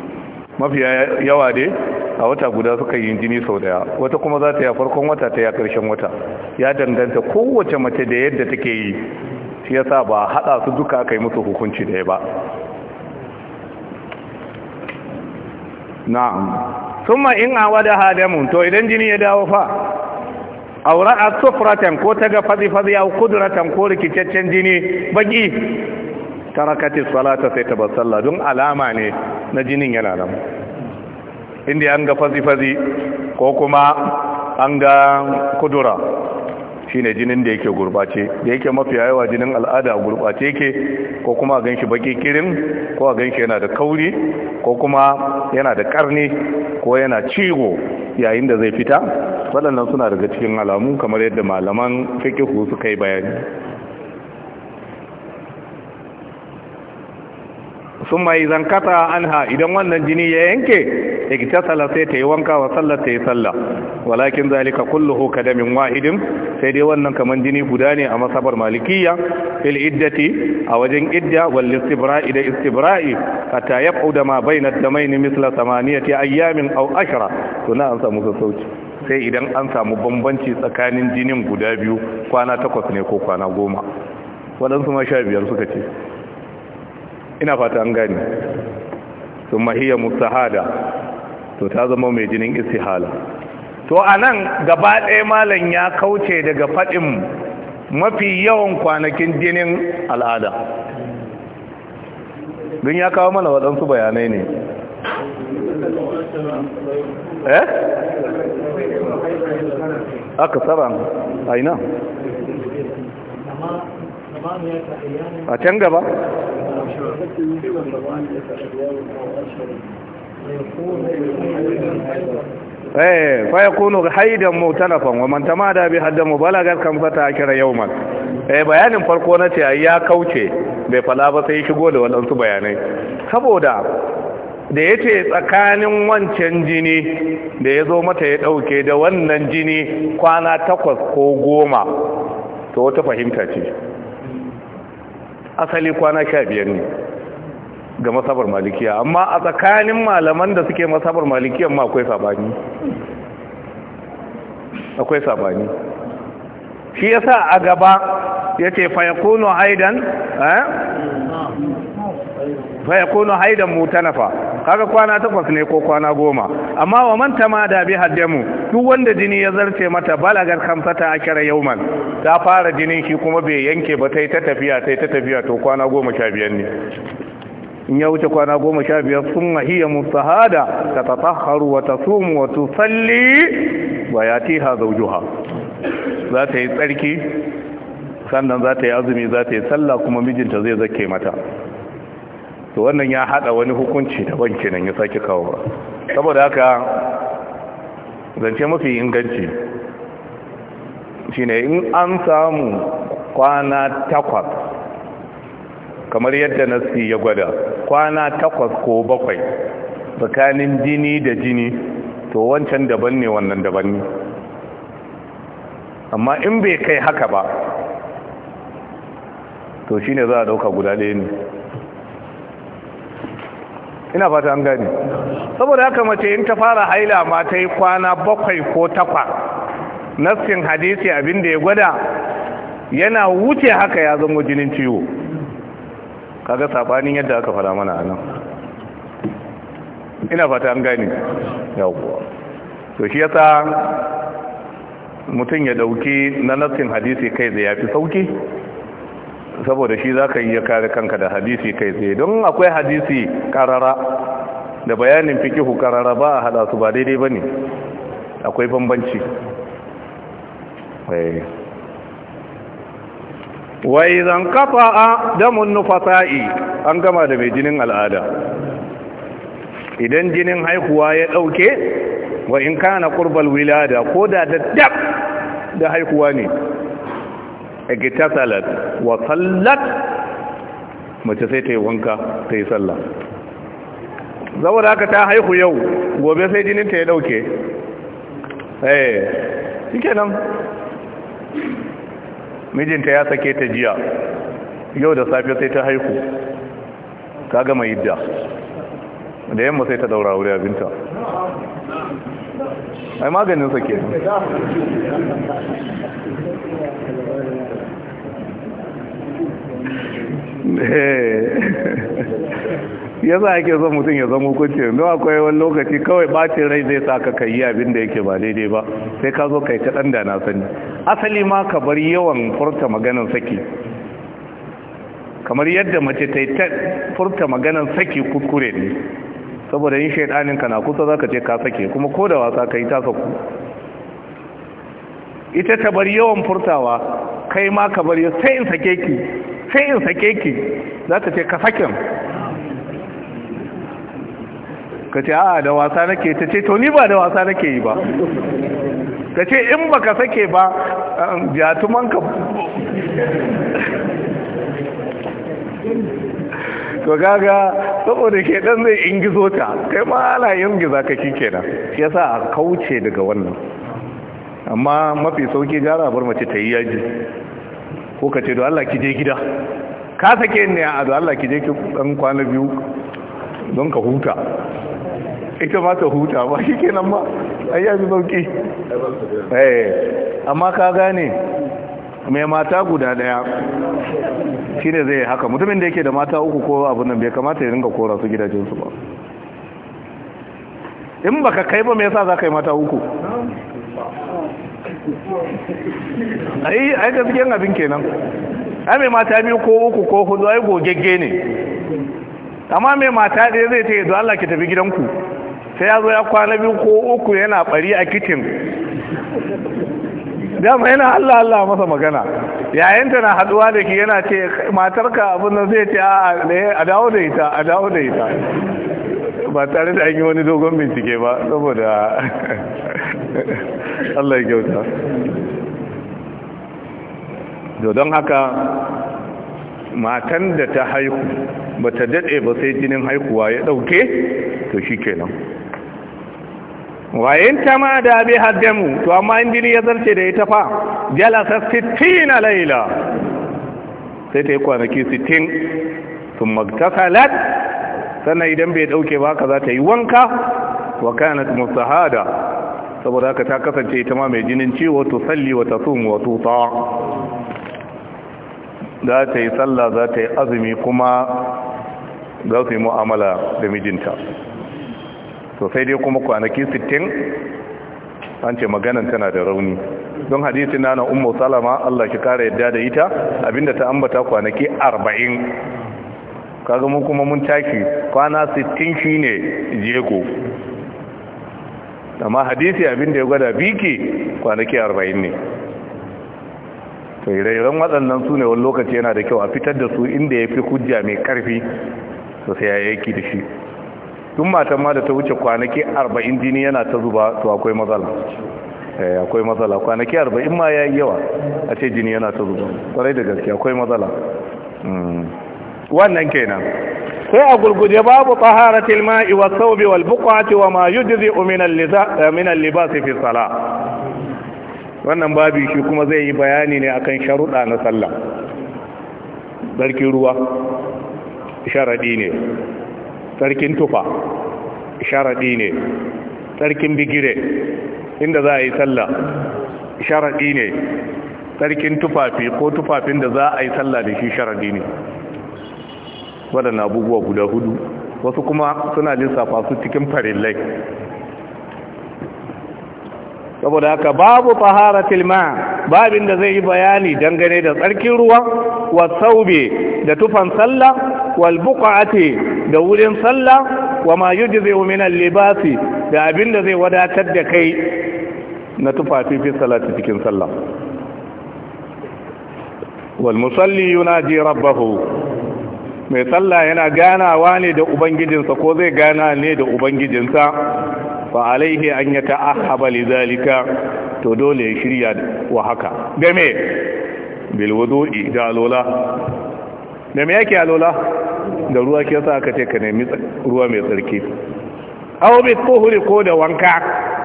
Speaker 1: mafi yawa dai a wata guda suka yi jini sau daya wata kuma za ta yi a farkon wata ta yi a wata ya danganta kowace mace da yadda take yi shi yasa ba haɗa su duka aka yi musu hukunci da ba na'am thumma in a wada hadamun to idan jini ya dawo fa aura asfratan ko ta ga fazi fazi ya kudratan ko rikicaccen jini baki tarakati salata sai ta bar don alama ne na jinin yana nan inda an ga fazi fazi ko kuma an ga kudura shine jinin da yake gurbace da yake mafi yawa jinin al'ada gurbace yake ko kuma a ganshi baki kirin ko a ganshi yana da kauri ko kuma yana da karni ko yana ciwo yayin da zai fita waɗannan suna daga cikin alamu kamar yadda malaman fiqh suka yi bayani sun mai zankata anha idan wannan jini ya yanke iktasala sai ta yi wanka wa sallar ta yi sallah walakin zalika kulluhu kadamin wahidin sai dai wannan kamar jini guda ne a masabar malikiya fil iddati a wajen idda wal istibra'i da istibra'i hatta kauda ma baina damaini misla ta ayyamin au ashira to na an samu sassauci sai idan an samu bambanci tsakanin jinin guda biyu kwana takwas ne ko kwana goma waɗansu ma sha biyar suka ce ina fata an gani sun mahiya hada to ta zama mai jinin istihala to a nan gaba ɗaya malam ya kauce daga faɗin mafi yawan kwanakin jinin al'ada don ya kawo mana waɗansu bayanai ne eh aka tsara aina a can gaba eh fa yakunu haidan mutanafan wa man tamada bi hadda mubalagar kam fata akira yawman eh bayanin farko na ce ya kauce bai fala ba sai shigo da wadansu bayanai saboda da yace tsakanin wancan jini da yazo mata ya ɗauke da wannan jini kwana takwas ko goma to wata fahimta ce asali kwana sha biyar ne ga masabar malikiya amma a tsakanin malaman da suke masabar malikiyan ma akwai sabani akwai sabani shi yasa a gaba yace ce yakunu haidan eh fa haidan mutanafa kaga kwana takwas ne ko kwana goma amma wa man da bi haddamu duk wanda jini ya zarce mata balagar kamsata kira yauman ta fara jinin shi kuma bai yanke ba tai ta tafiya tai ta tafiya to kwana goma sha biyar ne in ya wuce kwana goma sha biyar sun mahiya musahada ta tatahharu wa tasumu wa tusalli wa yatiha zawjuha za ta yi tsarki sannan za ta yi azumi za ta yi sallah kuma mijinta zai zake mata to wannan ya hada wani hukunci banki nan ya sake kawo ba. saboda haka zance mafi inganci shine in an samu kwana takwas kamar yadda nasi ya gwada kwana takwas ko bakwai tsakanin jini da jini to wancan daban ne wannan daban ne amma in bai kai haka ba to shine za a dauka guda ɗaya ne ina fata an gani saboda haka mace in ta fara haila ma ta yi kwana bakwai ko takwa nassin hadisi abinda ya gwada yana wuce haka ya zama jinin ciwo kaga sabanin yadda aka fara mana a nan ina fata an gani yawwa to shi yasa mutum ya dauki na nassin hadisi kai da yafi sauki saboda shi za ka iya kare kanka da hadisi kai tsaye don akwai hadisi karara da bayanin fikihu karara ba a hada su ba daidai ba ne akwai bambanci eh. wai zan kafa a damun nufasa'i an gama da mai jinin al'ada idan jinin haihuwa ya ɗauke wa in kana ƙurbal wilada ko da da da haihuwa ne igtasalat wa sallat mace sai ta yi wanka ta yi sallah saboda aka ta haihu yau gobe sai jininta ya dauke eh shike nan mijinta ya sake ta jiya yau da safe sai ta haihu ta gama yidda da yamma sai ta daura wuri abinta ai maganin sake ya za ke son mutum ya zama hukunci yanzu akwai wani lokaci kawai bacin rai zai sa ka kayi abin da yake ba daidai ba sai ka zo kai ta da na sani asali ma ka bar yawan furta maganin saki kamar yadda mace ta yi ta furta maganin saki kuskure ne saboda yin shaidanin ka na kusa za ka ce ka sake kuma ko da wasa ka yi ta saku ita ta bar yawan furtawa kai ma ka bar sai in sake ki sai in sake ki za ta ce ka sakin ka ce a da wasa nake ta ce to ni ba da wasa nake yi ba ka ce in ba ka sake ba um, ka to gaga saboda ke dan zai ingizo ta kai ma ana ingiza ka shi kenan yasa a kauce daga wannan amma mafi sauki gara bar mace ta yi yaji ko ka ce da Allah ki je gida ka sake ne a da Allah ki je ki dan kwana biyu don ka huta ita ba ta huta ba shi kenan ba ai ya bi eh amma ka gane mai mata guda daya shine zai haka mutumin da yake da mata uku ko abun nan bai kamata ya ringa kora su gidajensu ba in baka kai ba me yasa za ka yi mata uku ai ai gaskiyan abin kenan ai mai mata biyu ko uku ko hudu ai gogegge ne amma mai mata ɗaya zai ce don Allah ki tafi gidanku sai ya zo ya kwana biyu ko uku yana bari a kitin dama yana Allah Allah masa magana yayin ta na haduwa da ki yana ce matarka abin nan zai ce a dawo da ita a dawo da ita ba tare da an yi wani dogon bincike ba saboda Allah ya kyauta don haka matan da ta haihu ba ta daɗe ba sai jinin haihuwa ya ɗauke to shi kenan in ta ma da bai haddamu to amma in jini ya zarce da ita fa jalasa sittin laila sai ta yi kwanaki sittin sun magtasalat sannan idan bai dauke ba ka za ta yi wanka wa kanat musahada saboda haka ta kasance ita ma mai jinin ciwo to salli wa tasum wa tuta za ta yi sallah za ta yi azumi kuma za su yi mu'amala da mijinta to sai dai kuma kwanaki sittin an ce maganan tana da rauni don hadisi na na ummu salama Allah ki kara yadda da ita abinda ta ambata kwanaki arba'in. kaga mu kuma mun taki kwana 60 shine je ko amma hadisi abin da ya gwada biki kwanaki 40 ne to idan iren waɗannan su ne wani lokaci yana da kyau a fitar da su inda ya fi hujja mai ƙarfi to sai ya yaki da shi tun matan ma da ta wuce kwanaki 40 jini yana ta zuba to akwai matsala eh, akwai matsala kwanaki 40 ma ya yi yawa a ce jini yana ta zuba kwarai da gaske akwai matsala
Speaker 2: hmm.
Speaker 1: wannan kenan sai a gurguje babu taharatil ma'i wa thawbi wal buqati wa ma yujzi min al-libas eh, fi salah wannan babu shi kuma zai yi bayani ne akan sharuda na sallah sarkin ruwa sharadi ne sarkin tufa sharadi ne sarkin bigire inda za a yi sallah sharadi ne sarkin tufafi ko tufafin da za a yi sallah da shi sharadi ne waɗannan abubuwa guda hudu wasu kuma suna lissafa su cikin farillai saboda haka babu taharatil tilma babin da zai yi bayani dangane da tsarkin ruwa wa saube da tufan sallah wal buqati da wurin sallah wa ma zai wumi al libasi da abin da zai wadatar da kai na tufafi fi salati cikin sallah wal musalli yunaji rabbahu mai sallah yana ganawa ne da ubangijinsa ko zai gana ne da ubangijinsa fa alaihi an ya ta'ahaba zalika to dole ya shirya wa haka da me bil wudu'i da alola da me yake alola da ruwa ke sa aka ce ka nemi ruwa mai tsarki aw bi tuhuri ko da wanka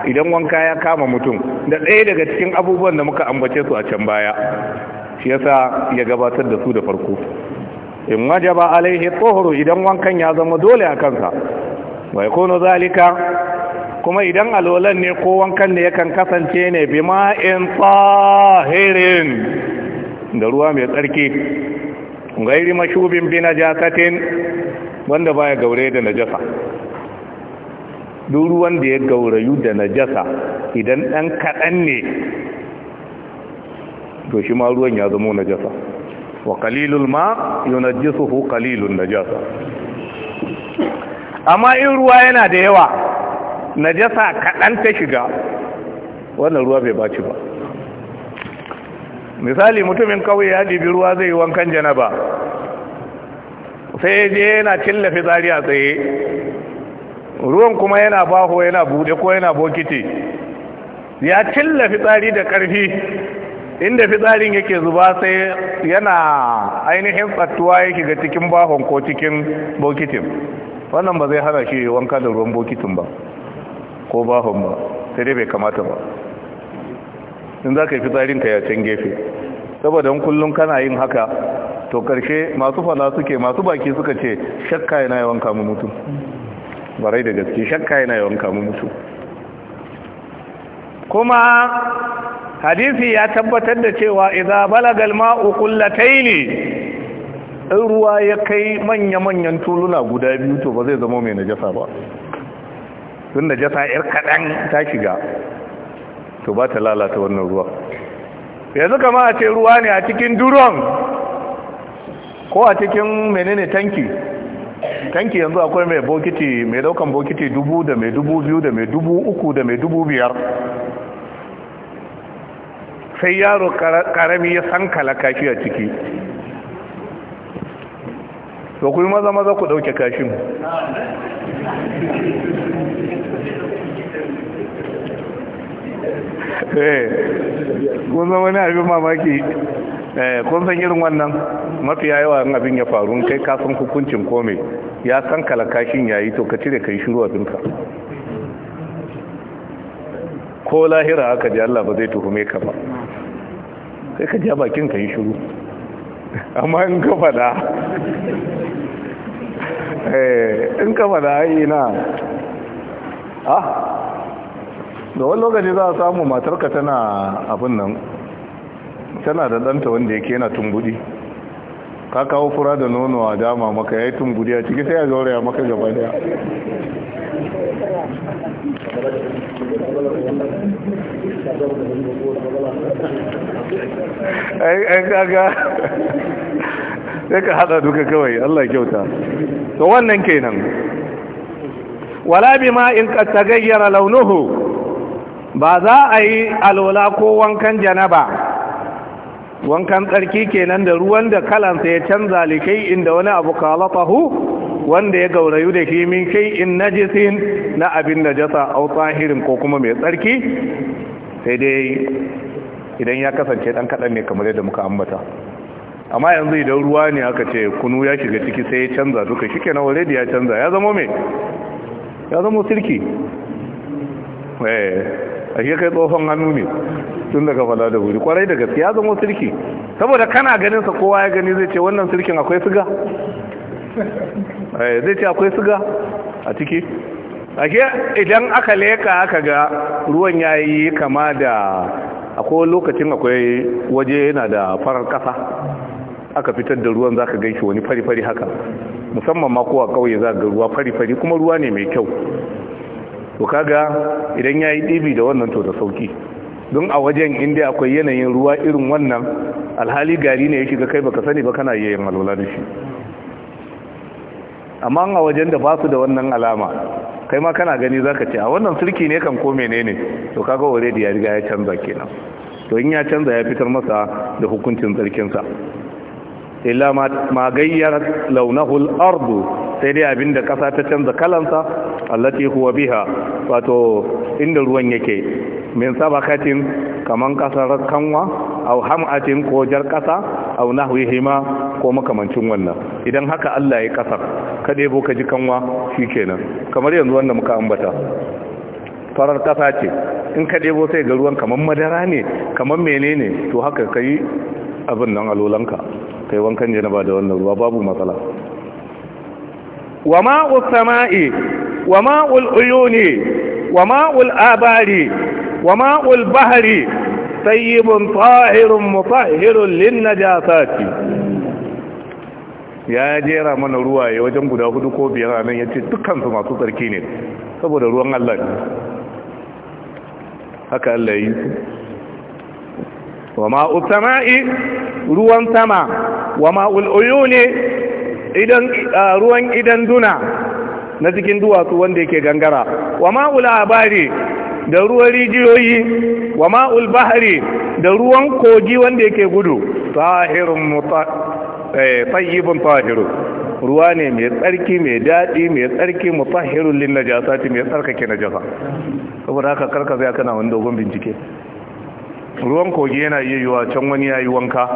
Speaker 1: idan wanka ya kama mutum da ɗaya daga cikin abubuwan da muka ambace su a can baya shi yasa ya gabatar da su da farko in wajaba alaihi tsohoro idan wankan ya zama dole a kansa bai kono zalika kuma idan alolan ne ko wankan ne yakan kasance ne bi ma'in tsahirin da ruwa mai tsarki gairi mashubin bi najasatin wanda baya gaure da najasa duk ruwan da ya gaurayu da najasa idan ɗan kaɗan ne to shi ma ruwan ya zama najasa wa kalilul ma yunajjisuhu kalilun najasa amma in ruwa yana da yawa najasa kaɗan ta shiga wannan ruwa bai baci ba misali mutumin kawai ya ɗibi ruwa zai yi wankan janaba sai je yana cilla fitsari a tsaye ruwan kuma yana baho yana bude ko yana bokiti ya cilla tsari da ƙarfi inda fitsarin yake zuba sai yana ainihin tsattuwa ya shiga cikin bahon ko cikin bokitin wannan ba zai hana shi wanka da ruwan bokitin ba ko bahon ba sai dai bai kamata ba in za ka yi fitsarin ka yacen gefe saboda in kullum kana yin haka to karshe masu fana suke masu baki suka ce shakka yana yawan kamun mutum barai da gaske shakka yana yawan kamun mutum kuma hadisi ya tabbatar da cewa idza balagal ma'u qullataini in ruwa ya kai manya-manyan tuluna guda biyu to ba zai zama mai najasa ba tun jasa, yar kaɗan ta shiga to ba ta lalata wannan ruwa yanzu kama a ce ruwa ne a cikin duron ko a cikin menene tanki tanki yanzu akwai mai bokiti mai daukan bokiti dubu da mai dubu biyu da mai dubu uku da mai dubu biyar sai yaro karami ya sankala kashi a ciki to ku yi maza maza ku dauke kashin eh, kun san wani abin mamaki eh, kun san irin wannan mafiya yawa in abin ya faru kai kasan hukuncin kome ya san kalakashin yayi to ka cire kai shiru abinka ko lahira aka ji Allah ba zai tuhume ka ba sai ka ja bakin ka yi shiru amma in ka fada eh, in ka fada ina ah da wani lokaci za a samu matarka tana abin nan tana da ɗanta wanda yake yana tumbudi ka kawo fura da nono a dama maka ya yi tunguri a ciki sai a zaure gauraya maka gaba daya
Speaker 2: ai kaga sai ka hada duka
Speaker 1: kawai Allah kyauta to wannan kenan wala bi ma in ka tagayyara launuhu ba za a yi alola ko wankan janaba wankan tsarki kenan da ruwan da kalansa ya canza likai inda wani abu kalatahu wanda ya gaurayu da shi min kai in najisin na abin da jasa au tsahirin ko kuma mai tsarki sai dai idan ya kasance dan kadan ne kamar yadda muka ambata amma yanzu idan ruwa ne aka ce kunu ya shiga ciki sai ya canza duka shi kenan already ya canza ya zama mai ya zama sirki eh a kai tsohon hannu ne tun daga fada da wuri kwarai da gaske ya zama sirki saboda kana ganin sa kowa ya gani zai ce wannan sirkin akwai siga eh, zai ce akwai siga a ciki ake idan aka leka aka ga ruwan yayi kama da akwai lokacin akwai waje yana da farar kasa aka fitar da ruwan zaka gaishe wani fari-fari haka musamman ma kowa kauye za ga ruwa fari-fari kuma ruwa ne mai kyau to kaga idan ya yi ɗibi da wannan to da sauki don a wajen inda akwai yanayin ruwa irin wannan alhali gari ne ya shiga kai baka sani ba kana iya yin alwala da shi amma a wajen da ba su da wannan alama kai ma kana gani zaka ce a wannan sulki ne kan ko ne to kaga da ya riga ya canza kenan to in ya canza ya fitar masa da hukuncin tsarkinsa illa ma gayyar launahul ardu sai dai abinda kasa ta canza kalansa allati huwa biha wato inda ruwan yake min sabakatin kaman kasar kanwa aw hamatin ko jar kasa aw nahwihima ko makamancin wannan idan haka Allah ya kasar ka debo ka ji kanwa shikenan kamar yanzu wanda muka ambata farar kasa ce in ka debo sai ga ruwan kaman madara ne kaman menene to haka kai abin nan alolanka kai wankan janaba da wannan ruwa babu matsala wa ma'ul sama'i wa ma'ul uyuni wa ma'ul abari wa ma'ul bahari tayyibun tahirun mutahhirun lin najasati ya jera mana ruwaye wajen guda hudu ko biyar anan yace dukkan su masu tsarki ne saboda ruwan Allah haka Allah yi wa ma'ul sama'i ruwan sama wa ma'ul uyuni idan ruwan idan duna na cikin duwatsu wanda yake gangara wa ma'ul abari da ruwan rijiyoyi wa ma'ul bahari da ruwan kogi wanda yake gudu tahirun eh, tayyibun tahiru ruwa ne mai tsarki mai daɗi mai tsarki mutahhirun lin najasati mai tsarkake najasa saboda haka karkaza zai kana wani dogon bincike ruwan kogi yana iya yiwa can wani ya yi wanka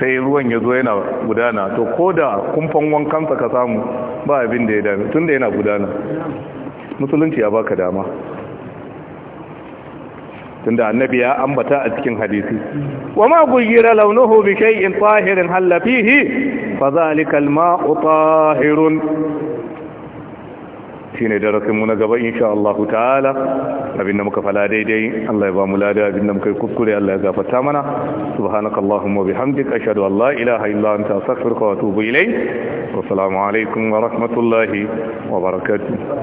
Speaker 1: sai ruwan ya zo yana gudana to ko da kumfan wankansa ka samu ba abin da ya dame tun da yana gudana musulunci ya baka dama tunda annabi ya ambata a cikin hadisi wa ma gugira launuhu bi shay'in tahirin halla fihi fa zalika al-ma'u shine darasin munagaba na gaba insha Allah ta'ala abinda muka fala daidai Allah ya ba mu lada abinda muka kuskure Allah ya gafarta mana subhanakallahumma bihamdika ashhadu an la ilaha illa anta astaghfiruka wa atubu ilayk wa assalamu alaikum wa rahmatullahi wa barakatuh